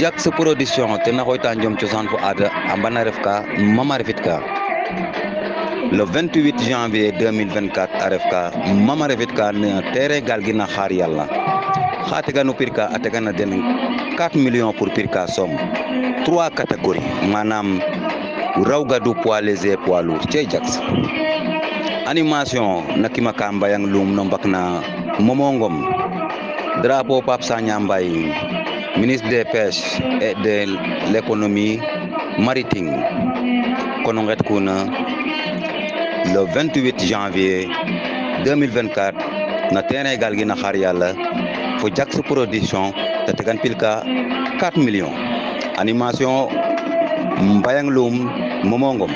jakes production tena xoyta jom cosaan fo aada a mbana ref ka mama refit ka le 28 janvier 2024 a ref ka mama refit ka no terrain galgui na xaar yalla xa tegano pir ka a tegana den 4 millions pour pir ka somme trois catégories manam raw gadu poids léger poids lourd cey jakes animation na kima ka mbayang lum no mbak na momongom drapeau pap sagna mbay ministre des pêches et de l'économie maritime le 28 janvier 2024 na terrain gal gi na production de 4 millions animation mbayang lum momongom